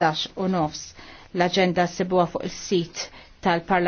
11 u nofs. L-agenda sibuwa fuq il sit tal-Parlament.